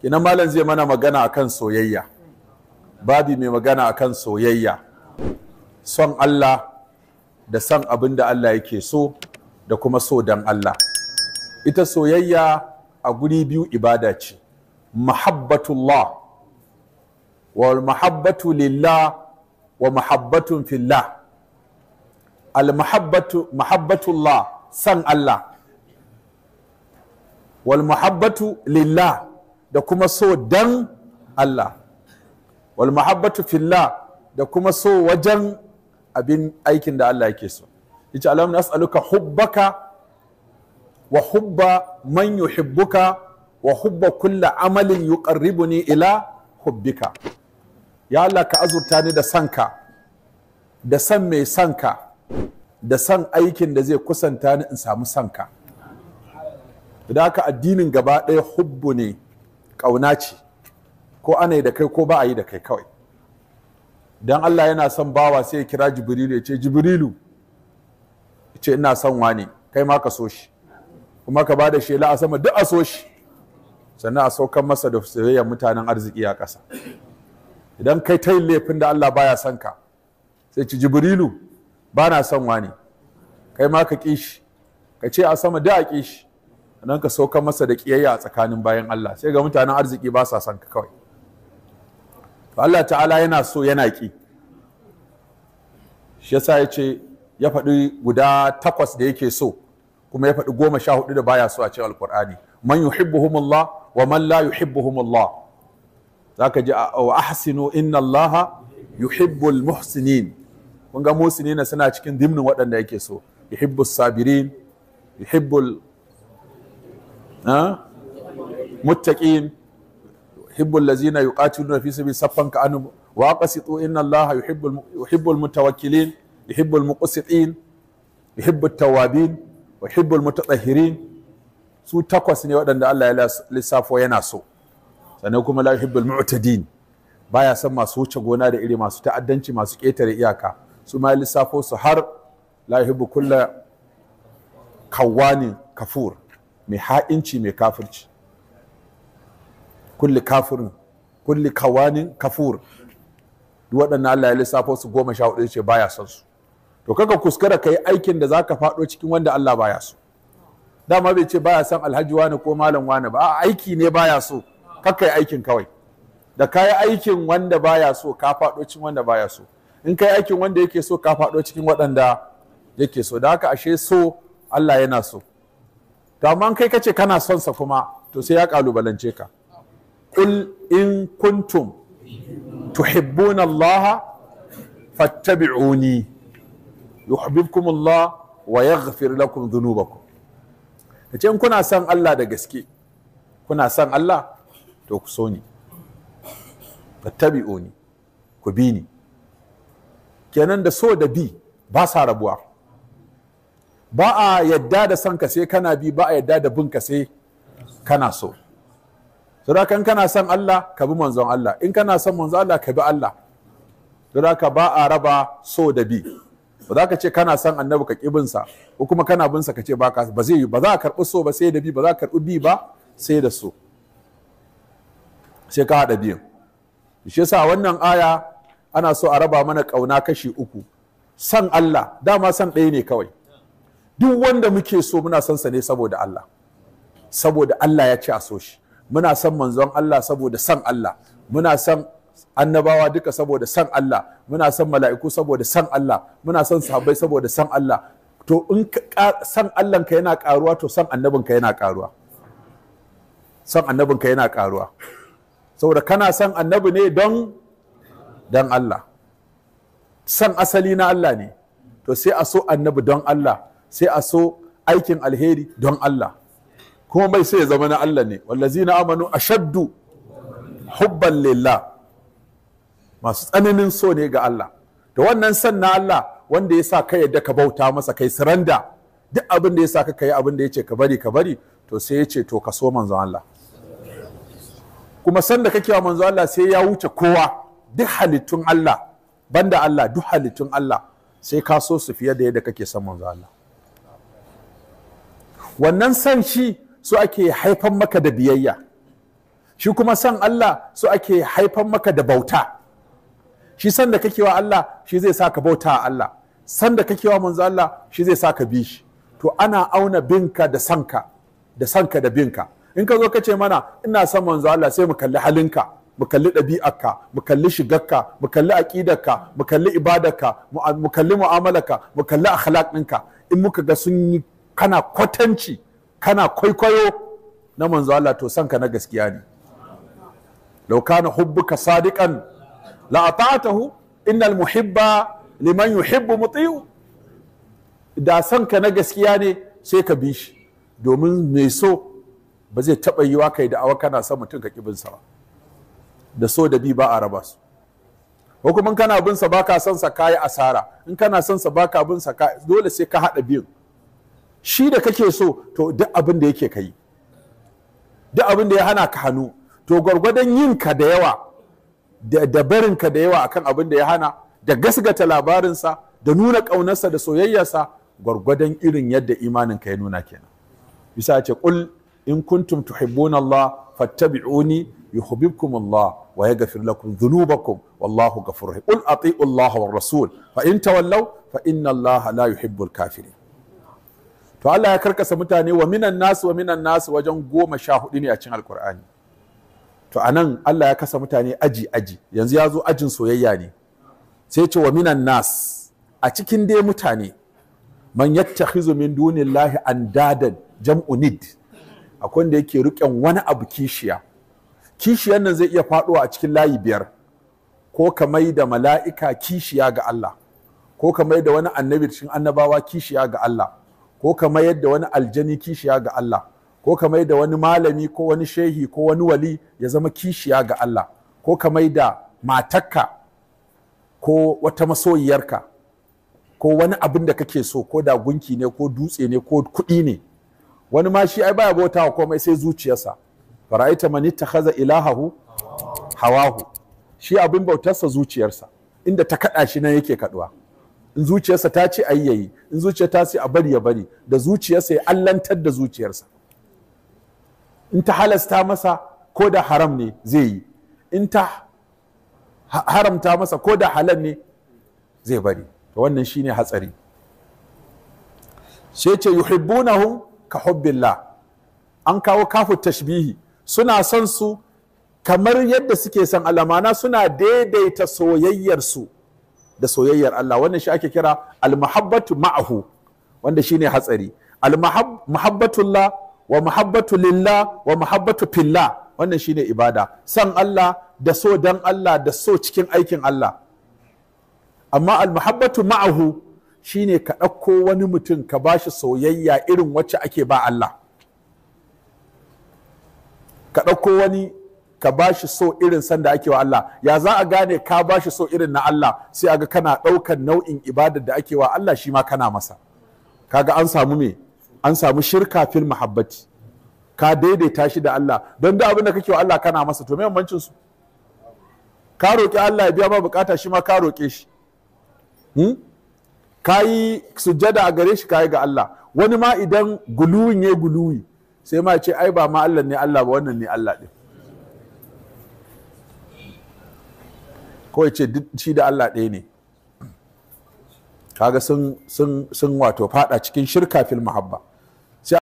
kina malam zai mana magana akan soyayya babi mai magana akan soyayya son Allah da son abin da Allah yake so da kuma so dan Allah ita soyayya a guri biyu ibada ce mahabbatullah wa mahabbatu lillah wa mahabbatun fillah al mahabbatu mahabbatullah san Allah wal mahabbatu lillah da kuma so dan Allah wal mahabbatu fillah da kuma so wajen abin aikin da Allah yake so yace Allahumma nas'aluka hubbaka wa hubba man yuhibbuka wa hubba kulli amalin yuqarribuni ila hubbika ya Allah ka azurta ni da sanka da san mai sanka da san aikin da zai kusanta ni in samu sanka da haka addinin gaba ɗaya hubbu ne ƙauna ce ko ana yi da kai ko ba a yi da kai kawai Idan Allah yana son bawa sai ya kira Jibrilu ya ce Jibrilu ya ce ina son wani kai ma ka so shi kuma ka bada shela a sama duk a so shi sannan a saukan masa da soyayyar mutanen arziki a ƙasa idan kai ta yin laifin da Allah baya son ka sai ci Jibrilu ba na son wani kai ma ka ƙi shi ka ce a sama duk a ƙi shi nan ka sauka masa da kiyayya a tsakanin bayan Allah sai ga mutanen arziki ba sa son ka kawai to Allah ta'ala yana so yana ki shi yasa ya ce ya faɗi guda takwas da yake so kuma ya faɗi goma sha hudu da baya so a cikin alkur'ani man yuhibbuhumullah wa man la yuhibbuhumullah zaka ji wa ahsinu inna Allah yuhibbul muhsinin kun ga muhsinina suna cikin dimnin waɗanda yake so yuhibbus sabirin yuhibbul muttaqin hibbul lazina yuqatiluna fi sabili saffan ka anu, wa qasitu inna allaha yuhibbul yuhibbul mutawakkilin yuhibbul muqsitin yuhibbut tawabin wa yuhibbul mutatahhirin su takwas ne waɗanda Allah ya lissafo yana so sannan kuma la yuhibbul mu'tadin baya son masu wuce gona da iri masu ta'addanci masu ƙetare iyaka su ma lissafo su har la yuhibbu kulla kawwanin kafur mai ha'inci mai kafirci kulli kafirin kulli kawanin kafur duk waɗannan Allah ya lissafo su goma sha hudu ce baya son su to kaka kuskura ka yi aikin da zaka faɗo cikin wanda Allah baya so dama bai ce baya son alhaji wani ko malam wani ba aiki ne baya so kaka yi aikin kawai da ka yi aikin wanda baya so ka faɗo cikin wanda baya so in ka yi aikin wanda yake so ka faɗo cikin waɗanda yake so da haka ashe so Allah yana so to amma kai kace kana son sa kuma to sai ya kalubalance ka kul in kuntum tuhibbuna Allah fattabi'uni yuhibbukum Allah wa yaghfir lakum dhunubakum kace in kuna son Allah da gaske kuna son Allah to ku so ni fattabi'uni ku bi ni kenan da so da bi ba sa rabuwa ba a yadda da son ka sai kana bi ba a yadda da bin ka sai kana so saboda kan kana son Allah ka bi manzon Allah in kana son manzon Allah ka bi Allah saboda ba a raba so da bi ba za ka ce kana son annabi ka ƙi sa. ko kuma kana binsa ka ce ba ka ba zai ba za ka karɓi so ba sai da bi ba za ka karɓi bi ba sai da so sai ka haɗa biyan shi yasa wannan aya ana so a raba mana ƙauna kashi uku san Allah dama san ɗaya ne kawai duk wanda muke so muna son sa ne saboda Allah saboda Allah ya ce a so shi muna son manzon Allah saboda san Allah muna son annabawa duka saboda san Allah muna son mala'iku saboda san Allah muna son sahabbai saboda san Allah to in san Allah ka yana karuwa to san annabin ka yana karuwa san annabin ka yana karuwa saboda kana san annabi ne don don Allah san asali na Allah ne to sai a so annabi don Allah sai a so aikin alheri don Allah kuma bai sai ya zama na Allah ne na amanu a shaddu? hubban lillah masu tsananin so ne ga Allah da wannan san na Allah wanda ya sa kai yadda ka bauta masa kai siranda duk abin da ya sa ka kai abin da ya ce ka bari ka bari to sai ya ce to ka so manzo Allah kuma san da kake wa manzo Allah sai ya wuce kowa duk halittun Allah banda Allah duk halittun Allah sai ka so su fiye da yadda kake son manzo Allah wannan san shi su ake haifan maka da biyayya shi kuma san Allah su ake haifan maka da bauta shi san da kake wa Allah shi zai sa ka bauta a Allah san da kake wa manzo Allah shi zai sa ka bi shi to ana auna binka da sanka da sanka da binka in ka zo ka ce mana ina san manzo Allah sai mu kalli halinka mu kalli ɗabi'arka mu kalli shigarka mu kalli ka, mu kalli ibadarka mu kalli mu'amalarka mu kalli akhlaq ɗinka in muka ga sun yi kana kwatanci kana kwaikwayo na manzo Allah to sanka na gaskiya ne law kana hubbuka sadiqan la ata'tahu innal muhibba liman yuhibbu muti'u da sanka na gaskiya ne sai ka bi shi domin mai so ba zai taɓa yiwa kai da awa kana son mutum ka kibin sa da so da bi ba a raba su ko kana bin sa baka son sa kai asara in kana son sa baka bin sa dole sai ka haɗa biyun shi da kake so to duk abin da yake kai duk abin da ya hana ka hannu to gwargwadon yinka da yawa da barinka da yawa akan abin da ya hana da gasgata labarinsa da nuna ƙaunarsa da soyayyarsa gwargwadon irin yadda imanin ka ya nuna kenan bisa ce kul in kuntum tuhibbuna Allah fattabi'uni yuhibbukum Allah wa yaghfir lakum dhunubakum wallahu ghafurur rahim qul ati'u Allah war rasul fa in tawallaw fa inna Allah la yuhibbul kafirin to Allah ya karkasa mutane wa minan nasu wa minan nasu wajen goma sha hudu ne a cikin alkur'ani to a nan Allah ya kasa mutane aji aji yanzu ya zo ajin soyayya ne sai ce wa minan nas a cikin dai mutane man yattakhizu min lahi an dadan jam'unid akwai da yake riƙen wani abu kishiya kishiyan nan zai iya faɗuwa a cikin layi biyar ko ka mai da mala'ika kishiya ga Allah ko ka mai da wani annabi cikin annabawa kishiya ga Allah ko kamar yadda wani aljani kishiya ga Allah ko kamar da wani malami ko wani shehi ko wani wali ya zama kishiya ga Allah ko kamar da matakka ko wata masoyiyarka ko wani abin da kake so ko da gunki ne ko dutse ne ko kuɗi ne wani ma shi ai baya bauta wa komai sai zuciyarsa fara'aita man ittakhadha ilahahu hawahu shi abin bautarsa zuciyarsa inda ta kada shi nan yake kaduwa in zuciyarsa ta ce ayi yayi in zuciyar ta ce a bari ya bari da zuciyarsa ya allantar da zuciyarsa in ta halasta masa ko da haram ne zai yi in ta haramta masa ko da halal ne zai bari to wannan shine hatsari sai ce yuhibbunahum ka hubbillah an kawo kafu tashbihi suna son su kamar yadda suke son alamana suna daidaita soyayyarsu da soyayyar Allah wannan shi ake kira almahabbatu ma'ahu wanda shine hatsari almahabbatullah wa mahabbatu lillah wa mahabbatu fillah wannan shine ibada san Allah da so dan Allah da so cikin aikin Allah amma almahabbatu ma'ahu shine ka ɗauko wani mutum ka ba shi soyayya irin wacce ake ba Allah ka ɗauko wani ka ba shi so irin sanda ake wa Allah ya za a gane ka ba shi so irin na Allah sai a ga kana ɗaukan nau'in ibadar da ake wa Allah shi ma kana masa kaga an samu me an samu shirka fil muhabbati ka daidaita shi da Allah don da abin da kake wa Allah kana masa to me bambancin su ka roƙi Allah ya biya ma bukata shi ma ka roƙe shi hmm? ka yi sujjada a gare shi ka yi ga Allah wani ma idan guluwin ya guluwi sai ma ce ai ba ma Allah ne Allah ba wannan ne Allah ɗin kawai ce shi da Allah ɗaya ne kaga sun wato fada cikin shirka fil mahabba